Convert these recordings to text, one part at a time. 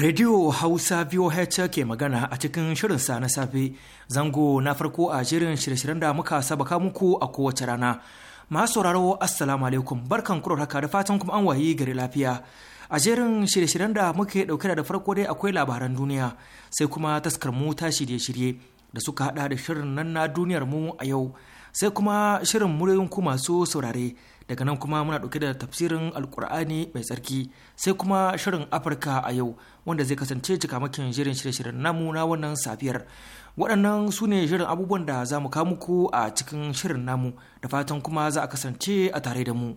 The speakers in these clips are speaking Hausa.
Radio Hausa VOH ke magana a cikin shirinsa na safe zango na farko a shirin shirye-shiryen da muka sabaka muku a kowace rana. Masu sauraro Assalamu alaikum barkan kuro haka da fatan kuma an wayi gari lafiya. A jerin shirye-shiryen da muke dauke da farko dai akwai labaran duniya sai kuma taskar mu ta shirye-shirye da suka hada da shirin nan na duniyar mu a yau sai kuma shirin muryoyin ku masu saurare daga nan kuma muna ɗauke da tafsirin alkur'ani mai tsarki sai kuma shirin afirka a yau wanda zai kasance cikamakin shirin shirye-shiryen namu na wannan safiyar waɗannan su ne shirin abubuwan da za mu muku a cikin shirin namu da fatan kuma za a kasance a tare da mu.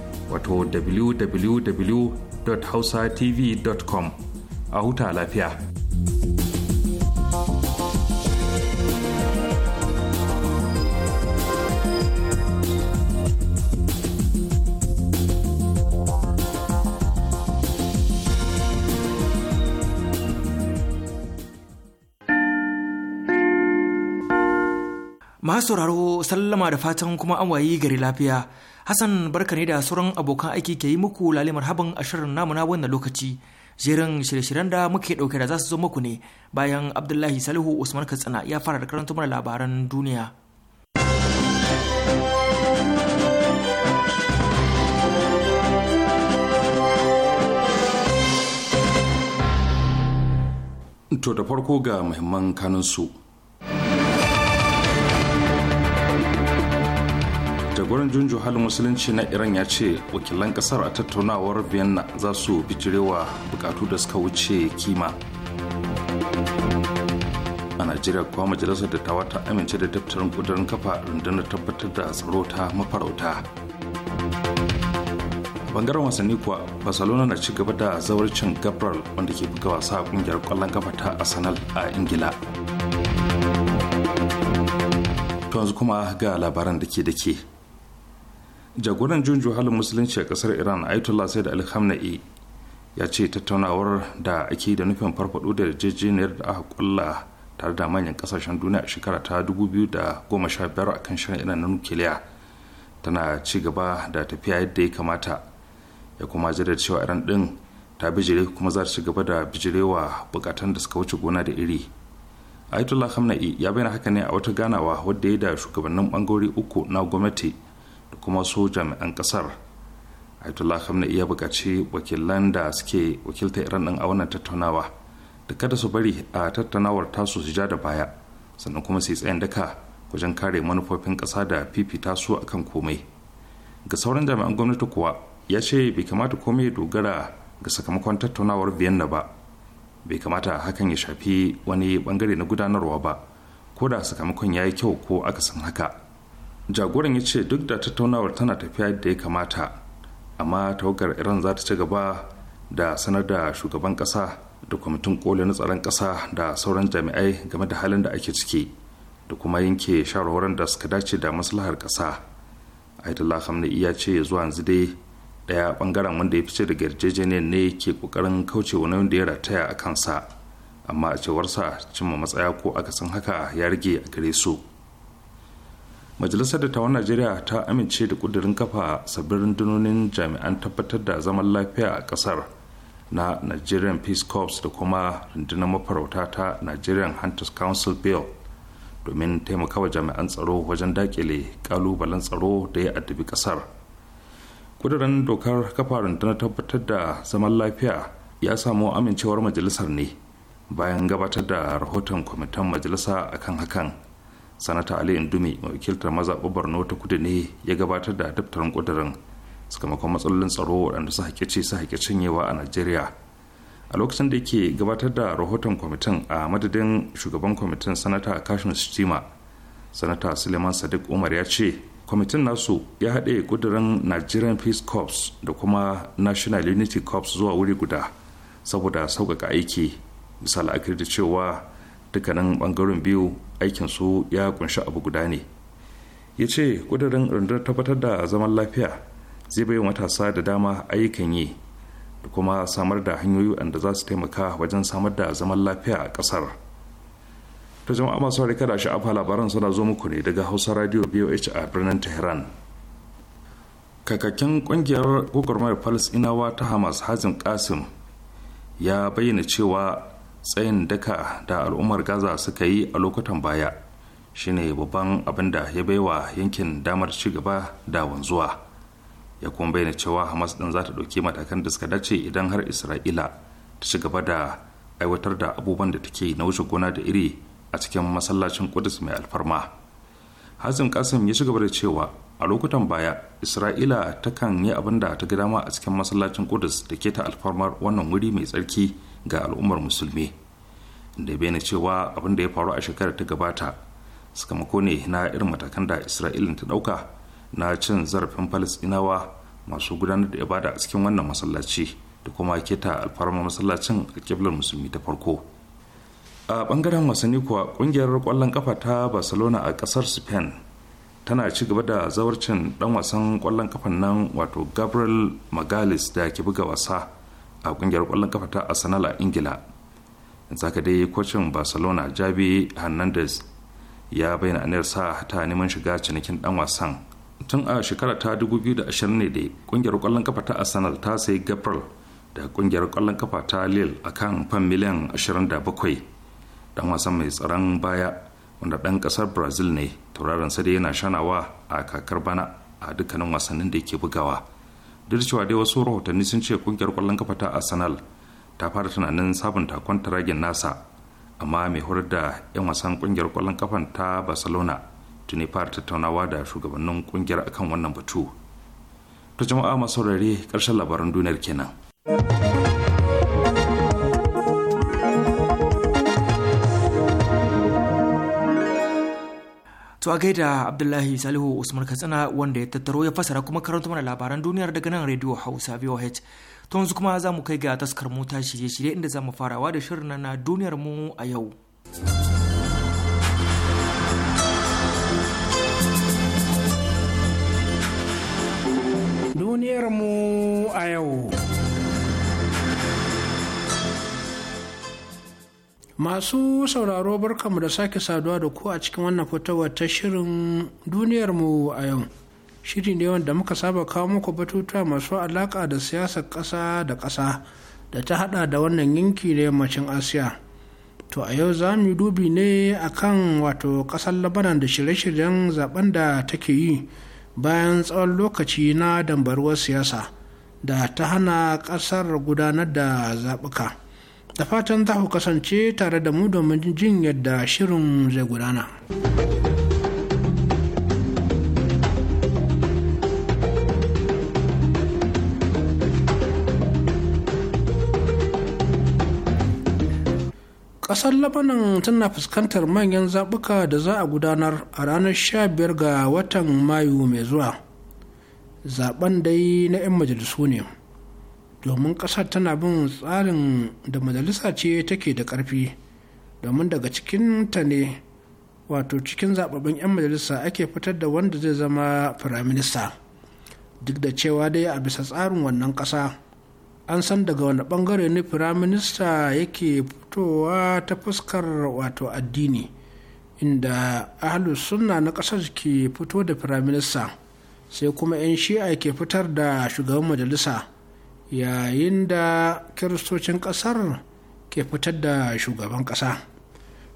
wato www.hausatv.com a huta lafiya. Masu sauraro sallama da fatan kuma an wayi gari lafiya. Hassan barka ne da sauran abokan aiki ke yi muku lalimar habin a shirin namu na wannan lokaci. Jerin shirye-shiryen da muke ɗauke da za su zo muku ne bayan Abdullahi Salihu Usman Katsina ya fara da karanta mana labaran duniya. To da farko ga muhimman kanunsu. jagoran junju halin musulunci na iran ya ce wakilan kasar a tattaunawar vienna za su bijirewa bukatu da suka wuce kima a najeriya kuwa majalisar dattawa ta amince da daftarin kudurin kafa rundunar tabbatar da tsaro ta mafarauta bangaren wasanni kuwa barcelona na ci gaba da zawarcin Gabral, wanda ke buga wasa a kungiyar kwallon kafa ta arsenal a ingila to yanzu kuma ga labaran da ke da ke jagoran junju halin musulunci a kasar iran ayatollah said ali khamenei ya ce tattaunawar da ake da nufin farfado da yarjejeniyar da aka kulla tare da manyan kasashen duniya a shekara ta 2015 kan shirin iran na nukiliya tana ci gaba da tafiya yadda ya kamata ya kuma jaddada cewa iran din ta bijire kuma za ta ci gaba da bijirewa bukatan da suka wuce gona da iri ayatollah khamenei ya bayyana haka ne a wata ganawa wadda ya da shugabannin bangarori uku na gwamnati kuma su jami'an kasar aitullah hamna iya buƙaci wakilan da suke wakilta iran din a wannan tattaunawa da kada su bari a tattaunawar tasu su ja da baya sannan kuma su yi tsayin daka wajen kare manufofin ƙasa da fifita su akan komai ga sauran jami'an gwamnati kuwa ya ce bai kamata komai dogara ga sakamakon tattaunawar vienna ba bai kamata hakan ya shafi wani bangare na gudanarwa ba ko da sakamakon ya yi kyau ko aka san haka jagoran ya ce duk da tattaunawar tana tafiya da ya kamata amma tawagar iran za ta ci gaba da sanar da shugaban kasa da kwamitin koli na tsaron kasa da sauran jami'ai game da halin da ake ciki da kuma yanke shawarwaran da suka dace da maslahar kasa aitala khamenei ya ce zuwa yanzu dai daya bangaren wanda ya fice daga yarjejeniyar ne ke kokarin kauce wani wanda ya rataya a kansa amma a cewarsa cimma matsaya ko akasin haka ya rage a gare su majalisar tawon najeriya ta amince da kudirin kafa sabbin rundunonin jami'an tabbatar da zaman lafiya a kasar na nigerian peace corps da kuma rundunar mafarauta ta nigerian hunters council bill domin taimakawa jami'an tsaro wajen dakile kalubalen tsaro da ya addabi kasar kudirin dokar kafa rundunar tabbatar da zaman lafiya ya samu amincewar majalisar ne bayan gabatar da rahoton kwamitin majalisa akan hakan sanata ali indumi mai wakiltar mazaɓar borno ta kudu ne ya gabatar da daftarin ƙudurin sakamakon matsalolin tsaro waɗanda su ce su haƙe cinyewa a najeriya a lokacin da ke gabatar da rahoton kwamitin a madadin shugaban kwamitin sanata kashin stima sanata suleiman sadiq umar ya ce kwamitin nasu ya haɗe ƙudurin nigerian peace corps da kuma national unity corps zuwa wuri guda saboda sauƙaƙa aiki misali akirda cewa dukkanin ɓangaren biyu aikin su ya kunshi abu guda ne ya ce kudirin rundunar tabbatar da zaman lafiya zai bai matasa da dama ayyukan yi da kuma samar da hanyoyi wanda za su taimaka wajen samar da zaman lafiya a kasar ta jama'a masu harika da sha'afa labaran suna zo muku ne daga hausa radio boh a birnin tehran kakakken kungiyar gwagwarmayar inawa ta hamas hazin kasim ya bayyana cewa tsayin daka da al'ummar gaza suka yi a lokutan baya shine babban abin da ya baiwa yankin damar ci da wanzuwa ya kuma bayyana cewa hamas din za ta ɗauki matakan da suka dace idan har isra'ila ta ci gaba da aiwatar da abubuwan da take na wuce gona da iri a cikin masallacin kudus mai alfarma hazin kasim ya ci gaba da cewa a lokutan baya isra'ila takan yi abin da ta ga a cikin masallacin kudus da ke ta alfarmar wannan wuri mai tsarki ga al'ummar musulmi da bayyana cewa abin da ya faru a shekarar ta gabata sakamako ne na irin matakan da isra'ila ta dauka na cin zarafin falasɗinawa masu gudanar da ibada a cikin wannan masallaci da kuma keta alfarma masallacin a kiblar musulmi ta farko a bangaren wasanni kuwa kungiyar kwallon kafa ta barcelona a kasar spain tana ci gaba da zawarcin dan wasan kwallon kafan nan wato gabriel magalis da ke buga wasa a kungiyar kwallon kafa ta arsenal a ingila yanzu haka dai kocin barcelona javi hernandez ya bayyana aniyar sa ta neman shiga cinikin dan wasan tun a shekara ta 2020 ne da kungiyar kwallon kafa ta arsenal ta sayi gabriel da kungiyar kwallon kafa ta lille akan fan miliyan 27 dan wasan mai tsaron baya wanda dan kasar brazil ne tauraron sa yana shanawa a kakar bana a dukkanin wasannin da yake bugawa duk da cewa dai wasu rahotanni sun ce kungiyar kwallon kafa ta arsenal ta fara tunanin sabunta kwantaragin nasa amma mai horar da 'yan wasan kungiyar kwallon kafan ta barcelona tuni fara tattaunawa da shugabannin kungiyar akan wannan batu ta jama'a masu rare ƙarshen labaran duniyar kenan. To a gaida Abdullahi Salihu Usman Katsina wanda ya tattaro ya fasara kuma karanta mana labaran duniyar daga nan Radio Hausa VOH. To yanzu kuma za mu kai ga taskar mota shirye-shirye inda za mu farawa da shirin na duniyar mu a yau. Duniyar mu a yau. masu sauraro barkanmu da sake saduwa da ku a cikin wannan fitowar ta shirin duniyar mu a yau shiri ne wanda muka saba kawo muku batutuwa masu alaka da siyasar ƙasa da ƙasa da ta hada da wannan yanki na yammacin asiya to a yau za mu dubi ne a kan wato ƙasar labanan da shirye-shiryen zaben da take yi bayan tsawon lokaci na dambaruwar siyasa da ta hana ƙasar gudanar da zaɓuka da fatan za ku kasance tare da mu domin jin yadda shirin zai gudana. ƙasar labanan tana fuskantar manyan zaɓuka da za a gudanar a ranar 15 ga watan mayu mai zuwa zaben dai na 'yan majalisu ne domin ƙasar tana bin tsarin da majalisa ce take da ƙarfi domin daga cikin ta ne wato cikin zababben 'yan majalisa ake fitar da wanda zai zama firaminista duk da cewa dai a bisa tsarin wannan ƙasa an san daga wani bangare ne firaminista yake fitowa ta fuskar wato addini inda ahalus sunna na ƙasar ke fito da firaminista sai kuma 'yan shi'a ke fitar da shugaban majalisa yayin da kiristocin ƙasar ke fitar da shugaban ƙasa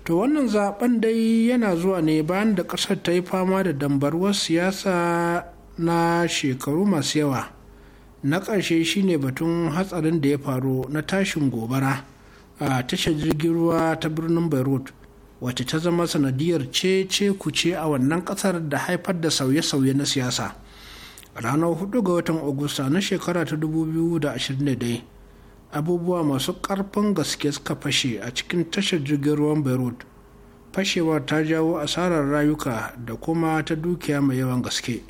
to wannan zaben dai yana zuwa ne bayan da ƙasar ta yi fama da dambarwar siyasa na shekaru masu yawa na ƙarshe shine batun hatsarin da ya faru na tashin gobara a tashar jirgin ruwa ta birnin beirut wacce ta zama sanadiyar ce ce kuce a wannan ƙasar da haifar da sauye-sauye na siyasa ranar 4 ga watan agusta na shekara ta 2021 abubuwa masu karfin gaske suka fashe a cikin tashar jirgin ruwan beirut fashewar ta jawo asarar rayuka da kuma ta dukiya mai yawan gaske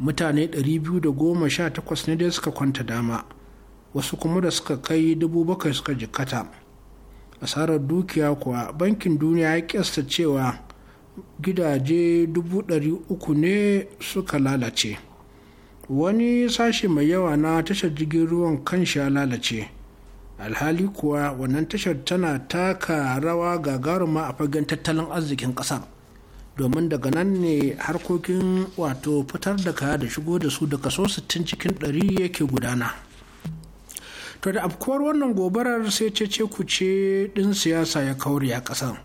mutane 218 ne dai suka kwanta dama wasu kuma da suka kai 7,000 suka jikata asarar dukiya kuwa bankin duniya ya kiyasta cewa gidaje 300,000 ne suka lalace. wani sashe mai yawa na tashar jirgin ruwan kan sha lalace alhali kuwa wannan tashar tana taka rawa gagaruma a fagen tattalin arzikin kasar domin daga nan ne harkokin wato fitar da kaya da shigo da su da kaso 60 cikin 100 yake gudana to da afkuwar wannan gobarar sai ce ku ce din siyasa ya kauri a kasar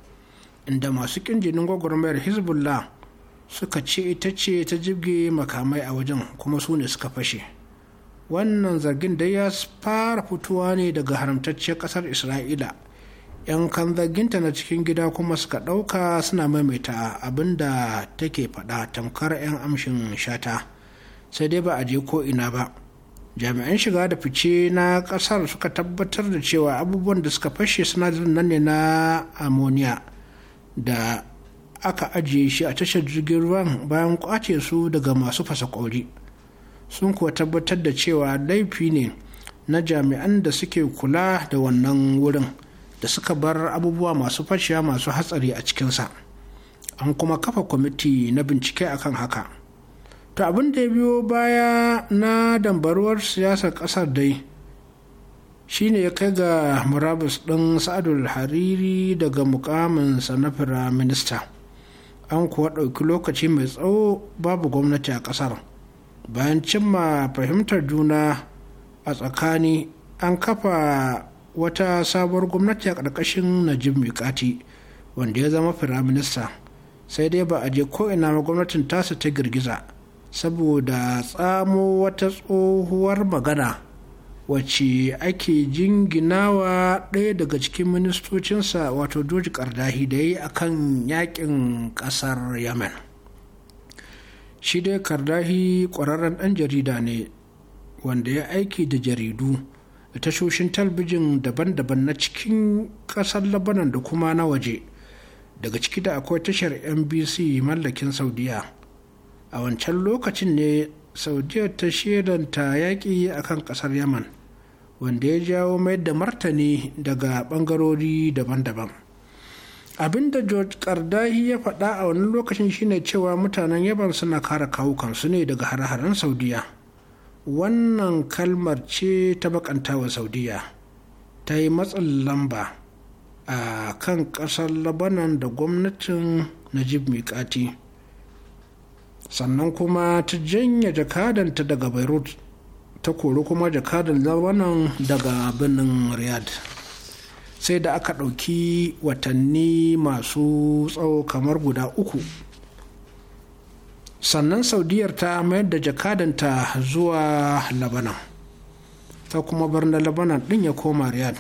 inda masu kin jinin gwagwarmayar hezbollah suka ce ita ce ta jibge makamai a wajen kuma su ne suka fashe wannan zargin dai ya fara fitowa ne daga haramtacciyar ƙasar isra'ila 'yan kan zarginta na cikin gida kuma suka ɗauka suna maimaita abin da take faɗa tamkar 'yan amshin shata sai dai ba a je ko ina ba jami'an shiga da fice na ƙasar suka tabbatar da cewa abubuwan da suka fashe sinadarin nan ne na ammonia da aka ajiye shi a tashar jirgin ruwan bayan kwace su daga masu fasa kwauri sun kuwa tabbatar da cewa laifi ne na jami'an da suke kula da wannan wurin da suka bar abubuwa masu fashiya masu hatsari a cikinsa an kuma kafa kwamiti na bincike akan haka to abin da ya biyo baya na dambaruwar siyasar ƙasar dai shine ya kai ga murabus ɗin sa'adul hariri daga sa na firaminista an kuwa ɗauki lokaci mai tsawo babu gwamnati a ƙasar bayan cimma fahimtar juna a tsakani an kafa wata sabuwar gwamnati a ƙarƙashin najib mikati wanda ya zama firaminista sai dai ba a je ko'ina ma gwamnatin tasa ta girgiza saboda tsamo wata tsohuwar magana wacce ake jinginawa ɗaya daga cikin ministocinsa wato george kardahi da yi a kan yakin ƙasar yemen shi dai kardahi ƙwararren ɗan jarida ne wanda ya aiki da jaridu da tashoshin talbijin daban-daban na cikin ƙasar labanan da kuma na waje daga ciki da akwai tashar nbc mallakin saudiya a wancan lokacin ne saudiya ta shedanta yaƙi akan ƙasar yaman wanda ya jawo mayar da martani daga bangarori daban-daban Abinda george kardahi ya faɗa a wani lokacin shine cewa mutanen yaban suna kare kawukansu ne daga har haren saudiya wannan kalmar ce ta bakantawa saudiya ta yi matsin lamba a kan ƙasar labanan da gwamnatin najib mikati sannan kuma ta janye jakadanta daga beirut ta kori kuma jakadar wannan daga birnin riyadh sai da aka ɗauki watanni masu tsawo kamar guda uku sannan saudiyar ta mayar da jakadanta zuwa labanan ta kuma birnin labanan ɗin ya koma riyadh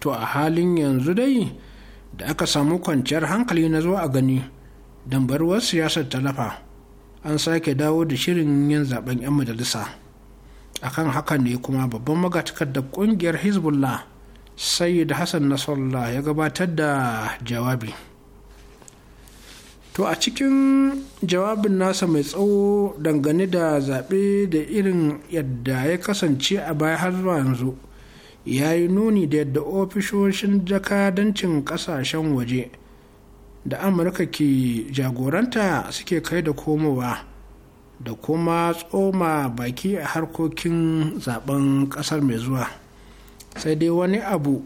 to a halin yanzu dai da aka samu kwanciyar hankali na zuwa a gani dambarwar siyasar talafa an sake dawo da shirin yin zaben 'yan majalisa a kan haka ne kuma babban magatakar da kungiyar hezbollah sayyid hassan nasrallah ya gabatar da jawabi to a cikin jawabin nasa mai tsawo dangane da zaɓe da irin yadda ya kasance a baya har zuwa yanzu ya yi nuni da yadda ofishoshin jakadancin ƙasashen waje da amurka ke jagoranta suke kai da komowa da kuma tsoma baki a harkokin zaben kasar mai zuwa sai dai wani abu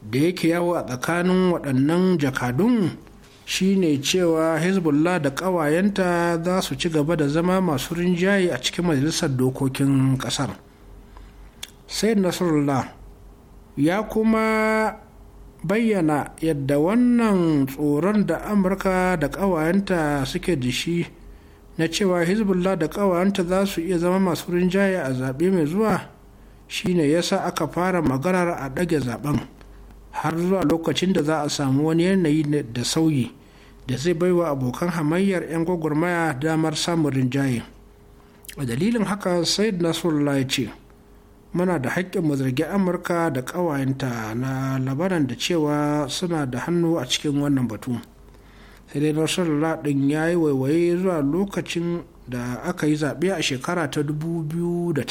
da yake yawo a tsakanin waɗannan jakadun shine cewa hezbollah da ƙawayenta za su ci gaba da zama masu rinjaye a cikin majalisar dokokin ƙasar sai nasarullah ya kuma bayyana yadda wannan tsoron da amurka da ƙawayenta suke da shi na cewa hezbollah da ƙawayenta za su iya zama masu rinjaye a zaɓe mai zuwa shi shine yasa aka fara maganar a ɗage zaben har zuwa lokacin da za a samu wani yanayi da sauyi da zai baiwa abokan hamayyar 'yan gwagwarmaya damar samun rinjaye a dalilin haka said nasrullah ya ce muna da haƙƙin mu zargi amurka da ƙawayenta na labaran da cewa suna da hannu a cikin wannan batun. sai dai ɗin ya yi waiwaye zuwa lokacin da aka yi zaɓe a shekara ta 2009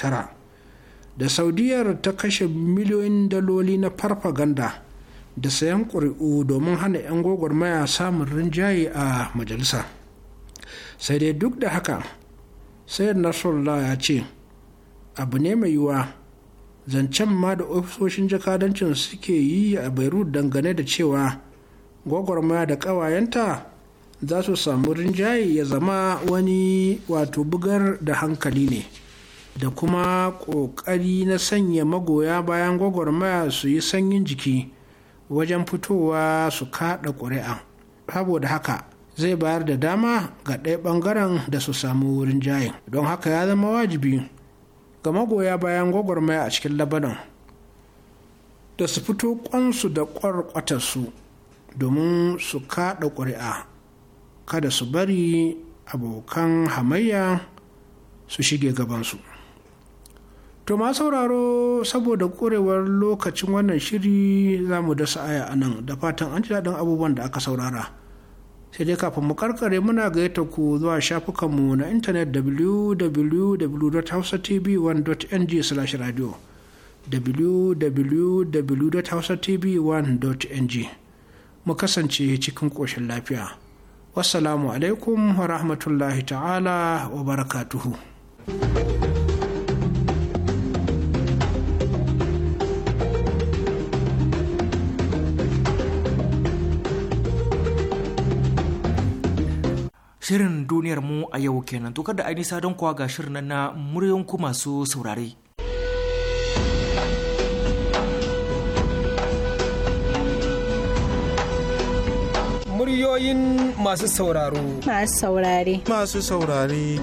da saudiyar ta kashe miliyoyin daloli na farfaganda da sayan ƙuri'u domin hana 'yan gwagwarmaya samun rinjaye a majalisa sai dai duk da haka sayar nasarar ya ce abu ne mai yiwuwa zancen ma da ofisoshin jakadancin suke yi a beirut dangane da cewa gwagwarmaya da ƙawayenta za su samu rinjaye ya zama wani wato bugar da hankali ne da kuma ƙoƙari na sanya magoya bayan gwagwarmaya su yi sanyin jiki wajen fitowa su kaɗa ƙuri'a saboda haka zai bayar da dama ga ɗaya ɓangaren da su samu wurin rinjaye don haka ya zama wajibi ga magoya bayan gwagwarmaya a cikin labanan da su fito ƙwansu da ƙwarƙwatarsu domin su kaɗa ƙuri'a kada su bari abokan hamayya su shige gabansu to ma sauraro saboda ƙorewar lokacin wannan shiri za mu dasa aya a nan da fatan an ji daɗin abubuwan da aka saurara sai dai kafin mu karkare muna gayyata ku zuwa shafukanmu na intanet www.hausatv1.ng/radio www.hausatv1.ng mu kasance cikin ƙoshin lafiya. wassalamu alaikum wa rahmatullahi ta'ala wa barakatuhu Shirin duniyar mu a yau kenan to kada a nisa don kuwa ga shirin na muryoyin masu saurare. Muryoyin masu sauraro. Masu saurare. Masu saurare.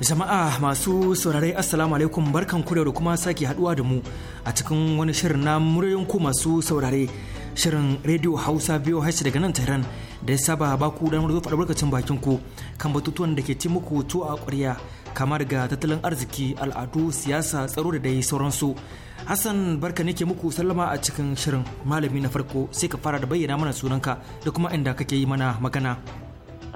Jama'a masu saurare Assalamu alaikum barkan ku da kuma sake haduwa da mu a cikin wani shirin na muryoyin ku masu saurare shirin Radio Hausa biyo hashi daga nan Tehran da ya saba baku don zo faɗa barkacin bakin ku kan batutuwan da ke ci muku to a ƙwarya kamar ga tattalin arziki al'adu siyasa tsaro da dai sauransu hassan barka ke muku sallama a cikin shirin malami na farko sai ka fara da bayyana mana sunanka da kuma inda kake yi mana magana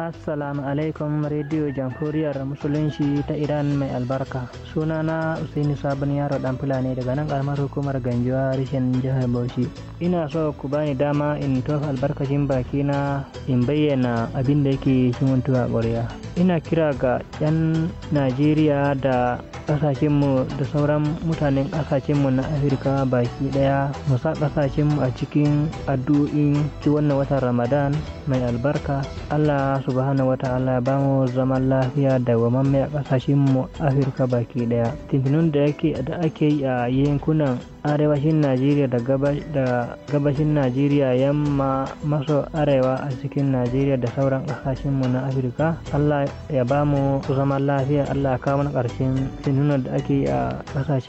Assalamu alaikum Radio Jamhuriyar Musulunci ta Iran mai albarka. Sunana Usaini Sabon Yaro Dan Fulani daga nan karamar hukumar Ganjuwa rishin jihar Bauchi. Ina so ku bani dama in tofa albarkacin baki na in bayyana abin da yake shimuntuwa ƙwarya. Ina kira ga 'yan Najeriya da ƙasashenmu da sauran mutanen ƙasashenmu na Afirka baki ɗaya musa sa ƙasashenmu a cikin addu'in ci wannan watan Ramadan mai albarka allah subhanahu wa ta'ala ya bamu zaman lafiya da wa a kasashen mu afirka baki daya tuntunan da ake yi a yankunan arewacin najeriya da gabashin najeriya yamma maso arewa a cikin najeriya da sauran mu na afirka allah ya ba mu zaman lafiya allah kawo mana karshen sinuna da ake a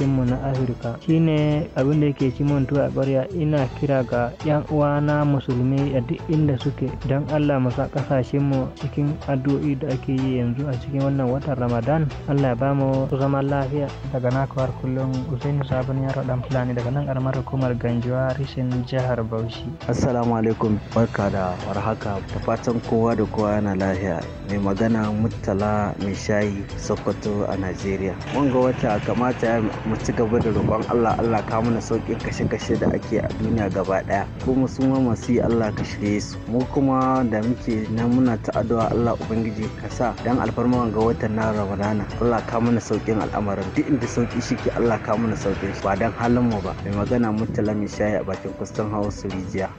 mu na afirka shine abin da yake ci mun a ƙwarya ina kira ga yan uwana musulmi a duk inda suke don allah mu sa mu cikin addu'o'i da ake yi yanzu a cikin wannan watan ramadan allah ya ba mu zaman lafiya daga nakawar kullum usaini sabon yaro dan Sani daga nan karamar hukumar Ganjuwa rishin jihar Bauchi. Assalamu alaikum barka da warhaka ta fatan kowa da kowa yana lahiya mai magana Murtala mai shayi Sokoto a Najeriya. Mun ga wata kamata mu ci gaba da roƙon Allah Allah ka mana sauƙin kashe-kashe da ake a duniya gaba ɗaya. Kuma mu masu Allah ka shirye su. Mu kuma da muke nan muna ta addu'a Allah Ubangiji ka sa dan alfarman ga watan na Ramadana. Allah ka mana sauƙin al'amarin duk inda sauƙi shi ke Allah ka mana sauƙin shi. ba dan halin mu ba mai magana murtala mai shayi a bakin hawa house rijiya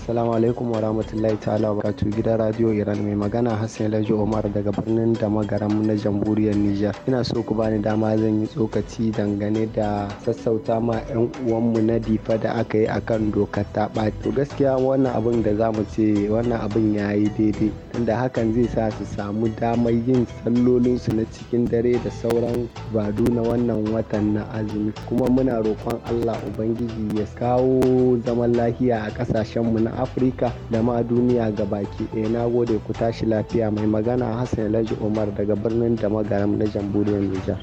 Assalamu alaikum wa rahmatullahi ta'ala wa gidan radio Iran mai magana Hassan Laji Omar daga birnin da magaram na jamhuriyar Nijar. Ina so ku bani dama zan yi tsokaci dangane da sassauta ma 'yan uwanmu na difa da aka yi akan dokar ta ɓaci. To gaskiya wannan abin da za mu ce wannan abin ya yi daidai tunda hakan zai sa su samu damar yin sallolinsu na cikin dare da sauran badu na wannan watan na azumi kuma muna roƙon Allah Ubangiji ya kawo zaman lafiya a ƙasashenmu na afirka da ma duniya ga baki ɗaya na gode ku tashi lafiya mai magana hassan laji umar daga birnin da magaram na jamhuriyar nijar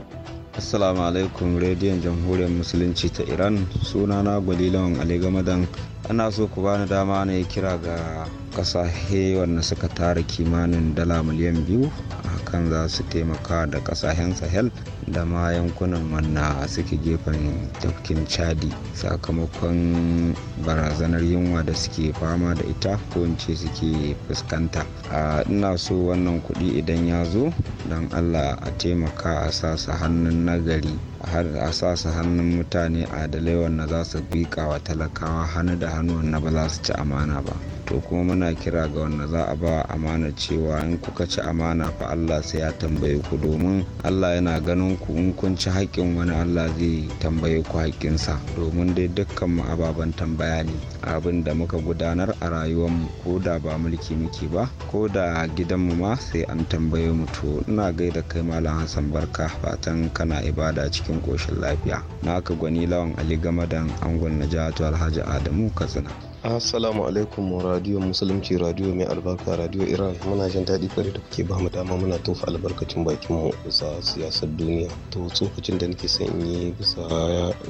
assalamu alaikum rediyon jamhuriyar musulunci ta iran sunana gwalilawan ali gamadan ana so ku bani dama na yi kira ga kasashe wanda suka tara kimanin dala miliyan biyu kan za su taimaka da kasashen sahel da ma yankunan wanda suke gefen tafkin chadi sakamakon barazanar yunwa da suke fama da ita ko in ce suke fuskanta ina so wannan kuɗi idan ya zo don allah a taimaka a sa hannun nagari har a sa su hannun mutane a adalai wanda za su bika wa talakawa hannu da hannu wanda ba za su ci amana ba to kuma muna kira ga wanda za a ba amana cewa in kuka ci amana fa Allah sai ya tambaye ku domin Allah yana ganin ku in kun ci haƙƙin wani Allah zai tambaye ku haƙƙinsa domin dai dukkan mu ababen tambaya ne abin da muka gudanar a rayuwar mu ko da ba mulki muke ba ko da gidanmu ma sai an tambaye mu to ina gaida kai malam Hassan barka fatan kana ibada cikin koshin ƙoshin lafiya naka gwani lawan ali gamadan angon najatu alhaji adamu katsina assalamu alaikum radio musulunci radio mai albarka radio iran muna jin daɗi kwarai da kuke ba mu dama muna tofa albarkacin bakin mu bisa siyasar duniya to tsokacin da nake son yi bisa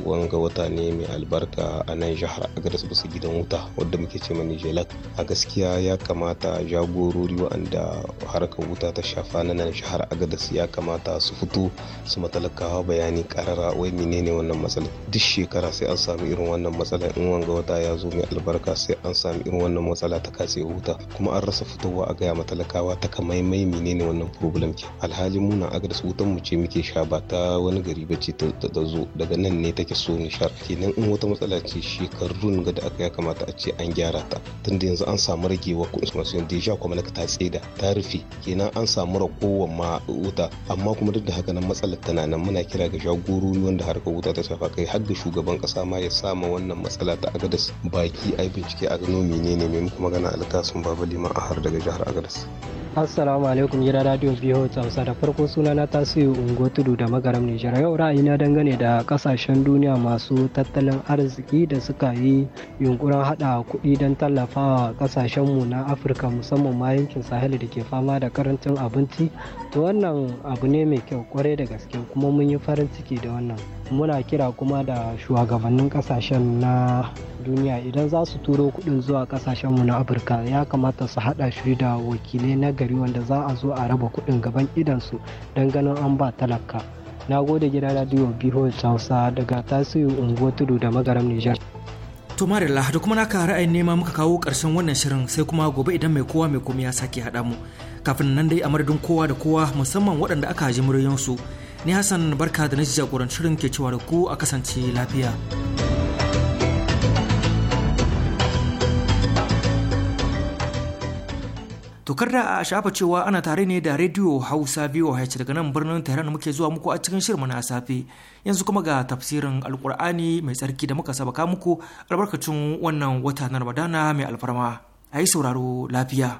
wanga wata ne mai albarka a nan jihar agadas bisa gidan wuta wadda muke ce mani jelak a gaskiya ya kamata jagorori wa'anda harkar wuta ta shafa na nan jihar agadas ya kamata su fito su matalakawa bayani karara wai menene wannan matsalar duk shekara sai an samu irin wannan matsalar in wanga wata ya zo mai albarka sai an sami irin wannan matsala ta katse wuta kuma an rasa fitowa a gaya ma talakawa ta mai menene wannan problem ke alhali muna su wutan mu ce muke sha ba ta wani gari ba ce ta zo daga nan ne take so ni shar kenan in wata matsala ce shekarun ga da aka ya kamata a ce an gyara ta tunda yanzu an samu ragewa kuɗin masu deja kuma ta tseda ta rufe kenan an samu ragowar ma wuta amma kuma duk da haka nan matsalar tana nan muna kira ga shagorori wanda harkar wuta ta shafa kai har da shugaban kasa ma ya sama wannan matsala ta agadas baki a yi bincike a gano menene mai muku magana sun baba liman har daga jihar agadas assalamu alaikum gidan radio biyu hausa da farko suna na tasiri ungo tudu da magaram nijar yau ra'ayi na dangane da kasashen duniya masu tattalin arziki da suka yi yunkurin hada kuɗi don tallafawa kasashen mu na afirka musamman ma yankin sahel da ke fama da karancin abinci to wannan abu ne mai kyau kwarai da gaske kuma mun yi farin ciki da wannan muna kira kuma da shugabannin kasashen na duniya idan za su turo kudin zuwa mu na afirka ya kamata su hada shi da wakilai na gari wanda za a zo a raba kudin gaban idansu don ganin an ba talaka na gode gidan radio biyu hausa daga tasiri unguwar tudu da magaram nijar To Marilla da kuma naka ra'ayin nema muka kawo karshen wannan shirin sai kuma gobe idan mai kowa mai komai ya sake haɗa mu. Kafin nan dai a madadin kowa da kowa musamman waɗanda aka ji muryoyinsu. Ni Hassan barka da na jagorancin shirin ke cewa da ku a kasance lafiya. To da a shafa cewa ana tare ne da rediyo Hausa VOH daga nan birnin Tehran muke zuwa muku a cikin shirma na safe. Yanzu kuma ga tafsirin Alkur'ani mai tsarki da muka sabaka muku albarkacin wannan wata na Ramadana mai alfarma. A yi sauraro lafiya.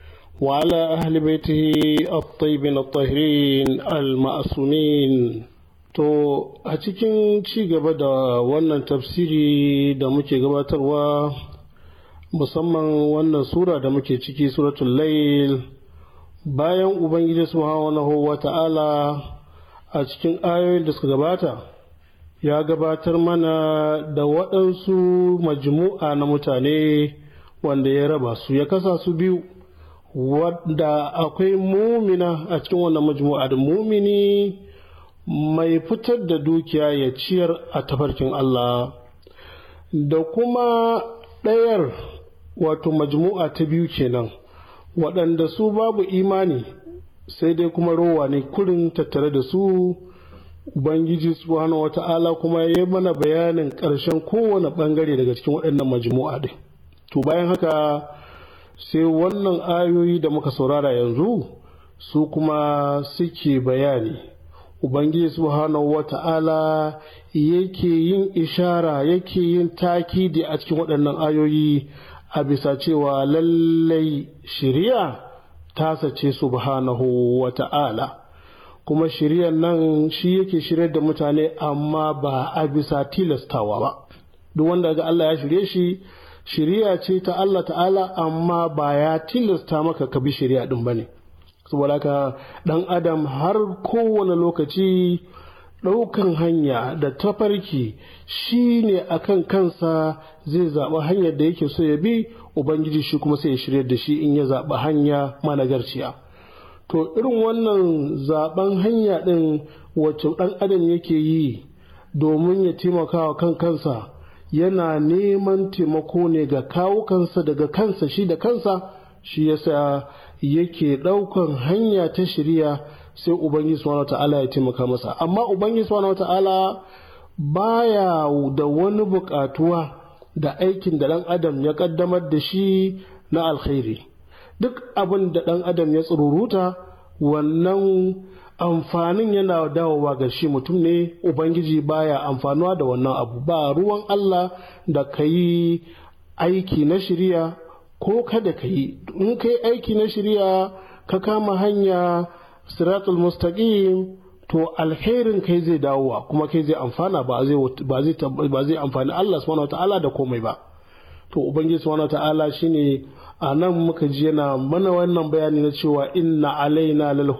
وعلى أهل بيته الطيبين الطاهرين المعصومين To a cikin ci gaba da wannan tafsiri da muke gabatarwa musamman wannan sura da muke ciki suratul lail bayan Ubangiji subhanahu wa ta'ala a cikin ayoyin da suka gabata ya gabatar mana da waɗansu majmu'a na mutane wanda ya raba su ya kasa su biyu wadda akwai mumina a cikin wannan majmu'a da mumini mai fitar da dukiya ya ciyar a tafarkin Allah da kuma ɗayar wato majmu'a ta biyu kenan waɗanda su babu imani sai dai kuma rowa ne kurin tattare da su Ubangiji subhanahu wata'ala kuma ya mana bayanin ƙarshen kowane ɓangare daga cikin waɗannan majmu'a ɗin to bayan haka sai wannan ayoyi da muka saurara yanzu su kuma suke bayani ubangiji subhanahu wata'ala yake yin ishara yake yin takidi a cikin waɗannan ayoyi a bisa cewa lallai shiriya ta sace subhanahu wata'ala kuma shiriyar nan shi yake shiryar da mutane amma ba a bisa tilastawa ba duk wanda ga Allah ya shirye shi shari'a ce ta Allah ta'ala amma ba ya tilasta maka ka bi shari'a din bane saboda haka ɗan adam har kowane lokaci ɗaukan hanya da tafarki shi ne a kan kansa zai zaɓi hanyar da yake so ya bi ubangiji shi kuma sai ya shirya da shi in ya zaɓi hanya managarciya to irin wannan zaɓen hanya ɗin wacce ɗan adam yake yi domin ya taimakawa kan kansa yana neman taimako ne ga kawo daga kansa shi da kansa shi yasa yake ɗaukan hanya ta shirya sai ubangi subhanahu ta'ala ya taimaka masa amma ubangiji subhanahu ta'ala baya da wani buƙatuwa da aikin da ɗan adam ya ƙaddamar da shi na alkhairi duk abin da ɗan adam ya tsururuta wannan amfanin yana dawowa ga shi mutum ne ubangiji baya amfanuwa da wannan abu ba ruwan Allah da ka yi aiki na shirya ko kada ka yi in ka yi aiki na shirya ka kama hanya siratul mustaqim to alherin kai zai dawowa kuma kai zai amfana ba zai amfani Allah subhanahu ta'ala da komai ba to ubangiji subhanahu ta'ala shine a nan muka ji yana mana wannan bayani na cewa inna alaina lal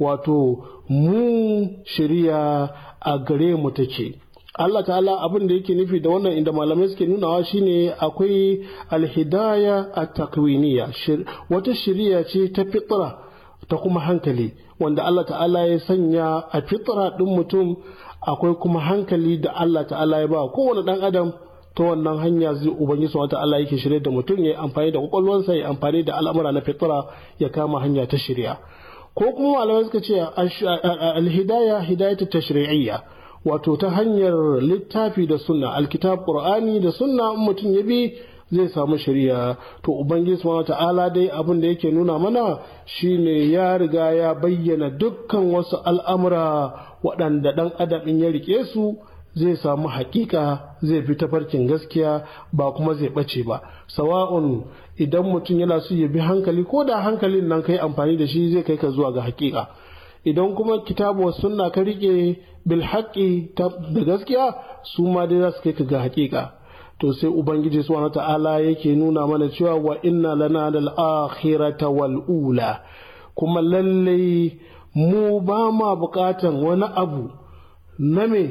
wato mu shirya a gare mu take Allah ta'ala abin da yake nufi da wannan inda malamai suke nunawa shine akwai alhidaya a takwiniya wata shirya ce ta fitra ta kuma hankali wanda Allah ta'ala ya sanya a fitra ɗin mutum akwai kuma hankali da Allah ta'ala ya ba kowane ɗan adam ta wannan hanya zai ubangi su wata Allah yake shirya da mutum ya yi amfani da kwakwalwansa ya amfani da al'amura na fitra ya kama hanya ta shirya ko kuma malamai suka ce alhidaya hidayatu tashri'iyya wato ta hanyar littafi da sunna alkitab qur'ani da sunna in mutum ya bi zai samu shari'a to ubangiji subhanahu ta'ala dai abin da yake nuna mana shine ya riga ya bayyana dukkan wasu al'amura waɗanda ɗan adam in ya rike su zai samu hakika zai fi tafarkin gaskiya ba kuma zai ɓace ba sawa'un idan mutum yana so ya bi hankali ko da hankalin nan kai amfani da shi zai kai ka zuwa ga hakika idan kuma kitabu wa sunna ka rike bil haqqi da gaskiya su ma dai za su kai ka ga hakika to sai ubangiji subhanahu ta'ala yake nuna mana cewa wa inna lana lal akhirata wal ula kuma lallai mu ba ma bukatan wani abu na me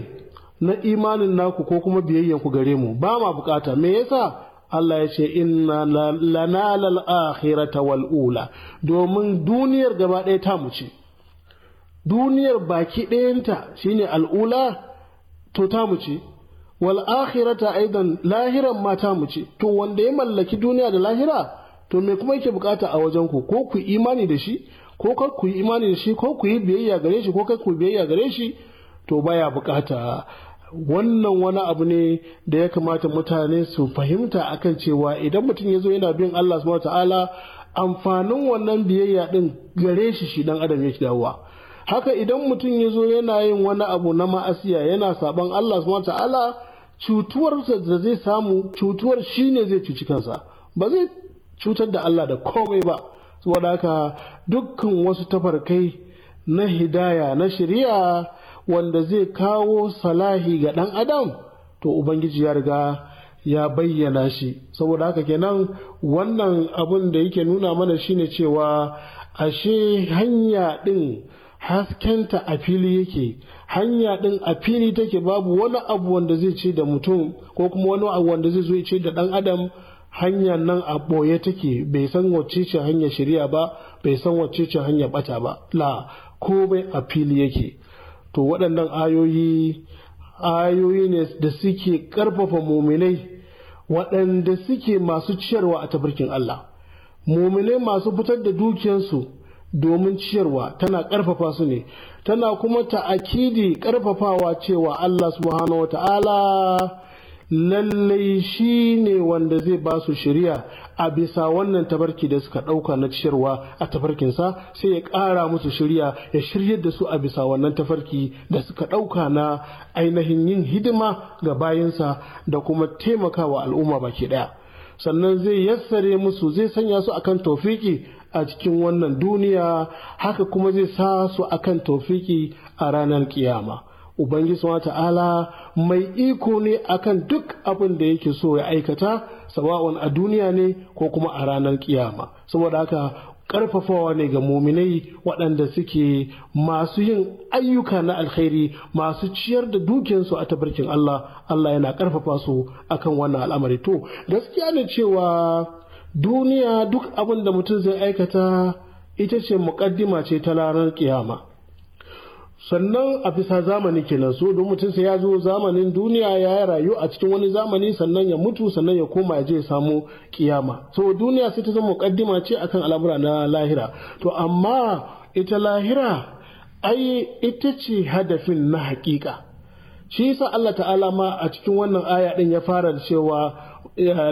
na imanin naku ko kuma biyayyan ku gare mu ba ma bukata me yasa Allah ya ce inna lanala al-akhirata wal ula domin duniyar gaba ɗaya ta mu ce duniyar baki ɗayanta shine al'ula to ta mu ce wal akhirata aidan lahiran ma ta mu ce to wanda ya mallaki duniya da lahira to me kuma yake bukata a wajen ku ko ku imani da shi ko kar ku imani da shi ko ku yi biyayya gare shi ko kar ku biyayya gare shi to baya bukata wannan wani abu ne da ya kamata mutane su fahimta akan cewa idan mutum ya zo yana bin Allah subhanahu ta'ala amfanin wannan biyayya din gare shi shi dan adam ya yake dawowa haka idan mutum ya zo yana yin wani abu na ma'asiya yana saban Allah subhanahu ta'ala cutuwarsa da zai samu cutuwar shi ne zai cuci kansa ba zai cutar da Allah da komai ba saboda haka dukkan wasu tafarkai na hidaya na shari'a wanda zai kawo salahi ga ɗan adam to ubangiji ya riga ya bayyana shi saboda haka kenan wannan abin da yake nuna mana shine cewa ashe hanya ɗin haskenta a fili yake hanya ɗin a fili take babu wani abu wanda zai ce da mutum ko kuma wani abu wanda zai zo ya ce da ɗan adam hanya nan a ɓoye take bai san wacce ce hanyar shirya ba bai san wacce ce hanyar ɓata ba la komai a fili yake to waɗannan ayoyi ayoyi ne da suke ƙarfafa muminai waɗanda suke masu ciyarwa a tafarkin Allah muminai masu fitar da dukiyarsu domin ciyarwa tana ƙarfafa su ne tana kuma ta'akidi ƙarfafawa cewa Allah subhanahu wa ta'ala lallai shi ne wanda zai ba su shirya a bisa wannan tabarki da suka ɗauka na ciyarwa a tafarkinsa sai ya ƙara musu shirya ya shiryar da su a bisa wannan tafarki da suka ɗauka na ainihin yin hidima ga bayansa da kuma taimakawa al'umma baki ɗaya sannan zai yassare musu zai sanya su akan tofiki a cikin wannan duniya haka kuma zai sa su akan tofiki a ranar kiyama. Ubangiji ta'ala mai iko ne akan duk abin da yake so ya aikata sawa'un a duniya ne ko kuma a ranar kiyama saboda haka karfafawa ne ga muminai waɗanda suke masu yin ayyuka na alkhairi masu ciyar da dukiyarsu a tabarkin Allah Allah yana ƙarfafa su akan wannan al'amari to gaskiya ne cewa duniya duk abin da mutum zai aikata ita ce muƙaddima ce ta ranar kiyama sannan a bisa zamani kenan so don mutum sai ya zo zamanin duniya ya rayu a cikin wani zamani sannan ya mutu sannan ya koma je samu kiyama so duniya sai ta zama mukaddima ce akan al'amura na lahira to amma ita lahira ai ita ce hadafin na hakika shi yasa Allah ta'ala ma a cikin wannan aya din ya fara da cewa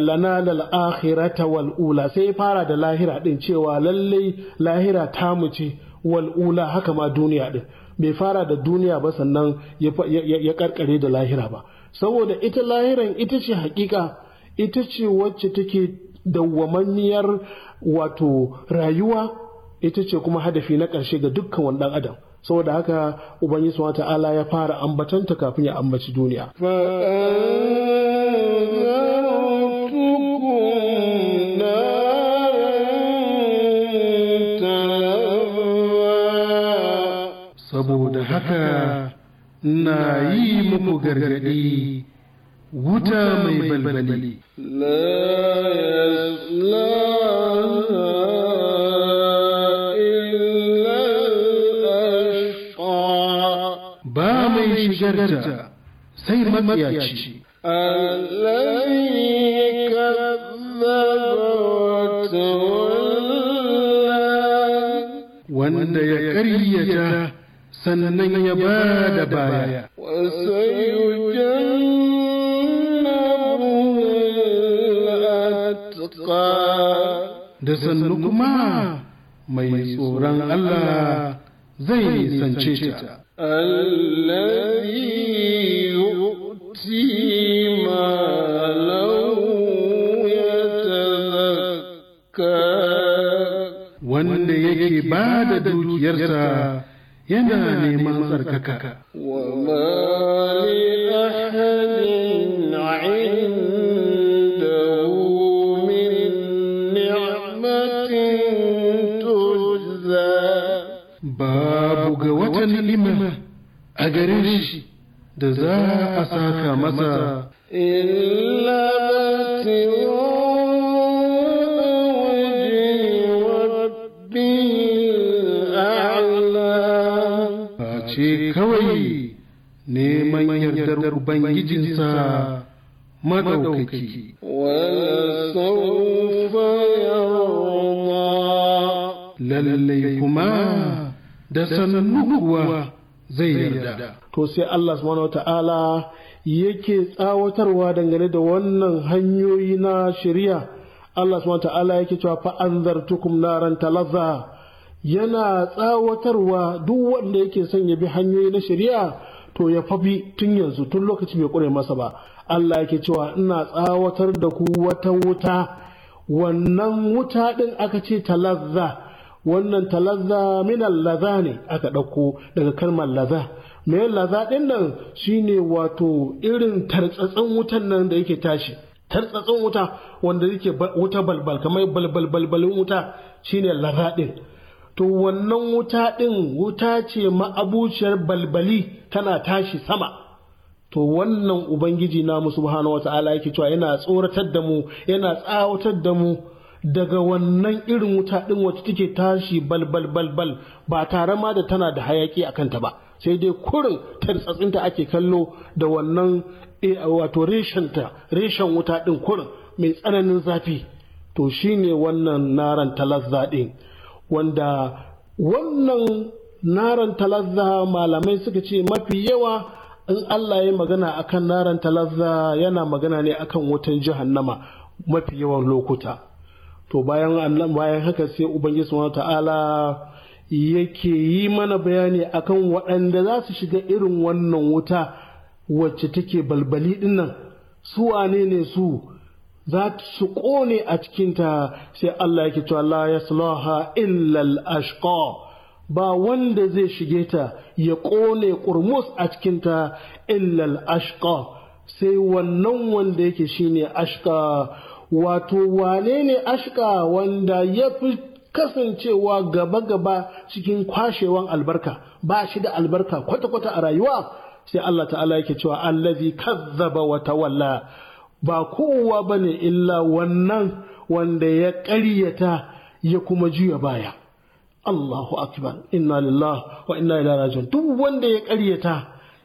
lana lal akhirata wal ula sai ya fara da lahira din cewa lallai lahira ta mu ce wal ula haka ma duniya din bai fara da duniya ba sannan ya karkare da lahira ba saboda ita lahiran ita ce hakika ita ce wacce take dawwamanniyar wato rayuwa ita ce kuma hadafi na ƙarshe ga dukkan wani adam saboda haka ubangiji subhanahu ta'ala ya fara ambatanta kafin ya ambaci duniya haka na yi muku gargaɗi wuta mai balbali. Ba mai shigarta sai matsiyaci. Wanda ya ƙaryata sannan ya ba da baya. Da sannu kuma mai tsoron Allah zai nisance ta. Wanda yake ba da dukiyarsa yana neman tsarkaka. Babu ga wata ni'ima a gare shi da za a saka masa. Illa neman yardar ubangijinsa madaukaki lallai kuma da sanannu kuwa zai yarda to sai Allah subhanahu ta'ala yake tsawatarwa dangane da wannan hanyoyi na shari'a Allah subhanahu ta'ala yake cewa fa anzartukum naran talaza yana tsawatarwa duk wanda yake son ya bi hanyoyi na shari'a to ya fabi tun yanzu tun lokaci bai kure masa ba Allah yake cewa ina tsawatar da ku wata wuta wannan wuta din aka ce talazza wannan talazza minan laza ne aka ɗauko daga kalmar laza mai laza din nan shine wato irin tartsatsin wutan nan da yake tashi tartsatsin wuta wanda yake wuta balbal kamar balbal balbalin wuta shine laza din. to wannan wuta ɗin wuta ce ma'abuciyar balbali tana tashi sama to wannan ubangiji namu subhanahu wata'ala yake cewa yana tsoratar da mu yana tsawatar da mu daga wannan irin wuta ɗin wacce take tashi balbal balbal ba tare ma da tana da hayaƙi a kanta ba sai dai kurin tarsatsinta ake kallo da wannan eh, wato reshenta reshen wuta ɗin kurin mai tsananin zafi to shi ne wannan naran talazza ɗin wanda wannan naran talazza malamai suka ce mafi yawa in Allah ya magana akan naran talazza yana magana ne akan wutan jahannama mafi yawan lokuta to bayan bayan haka sai ubangiji subhanahu ta'ala yake yi mana bayani akan waɗanda za su shiga irin wannan wuta wacce take balbali dinnan su wane ne su za su ƙone a cikinta sai Allah yake cewa la yaslaha illal ashqa ba wanda zai shige ta ya ƙone ƙurmus a cikinta illal ashqa sai wannan wanda yake shine ashqa wato wane ne ashqa wanda ya fi kasancewa gaba-gaba cikin kwashewan albarka ba shi da albarka kwata-kwata a rayuwa sai Allah ta'ala yake cewa allazi kazzaba wa tawalla ba kowa ba ne illa wannan wanda ya ƙaryata ya kuma juya baya Allahu akbar inna lillah wa inna ila raji'un duk wanda ya ƙaryata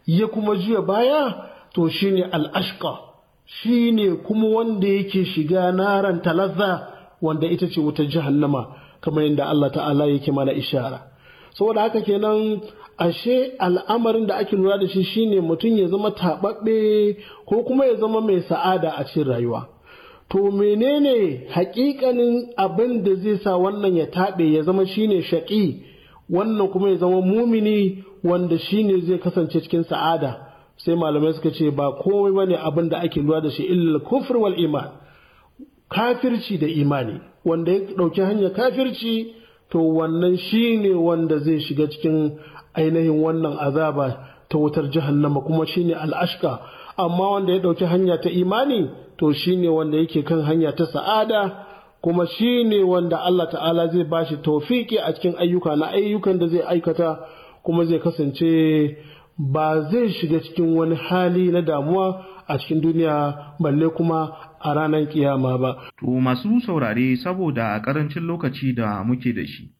ya kuma juya baya to shine al'ashqa shine kuma wanda yake shiga naran talazza wanda ita ce wuta jahannama kamar yadda Allah ta'ala yake mana ishara saboda haka kenan ashe al'amarin da ake lura da shi shine mutum ya zama taɓaɓɓe ko kuma ya zama mai sa'ada a cikin rayuwa to menene hakikanin abin da zai sa wannan ya taɓe ya zama shine shaƙi wannan kuma ya zama mumini wanda shine zai kasance cikin sa'ada sai malamai suka ce ba komai bane abin da ake lura da shi illal kufr wal iman kafirci da imani wanda ya ɗauki hanyar kafirci to wannan shine wanda zai shiga cikin ainihin wannan azaba ta wutar jahannama kuma shine al'ashka amma wanda ya ɗauki hanya ta imani to shine wanda yake kan hanya ta sa'ada kuma shine wanda Allah ta'ala zai bashi taufiki a cikin ayyuka na ayyukan da zai aikata kuma zai kasance ba zai shiga cikin wani hali na damuwa a cikin duniya balle kuma a ranar kiyama ba. To masu saurare saboda a ƙarancin lokaci da muke da shi.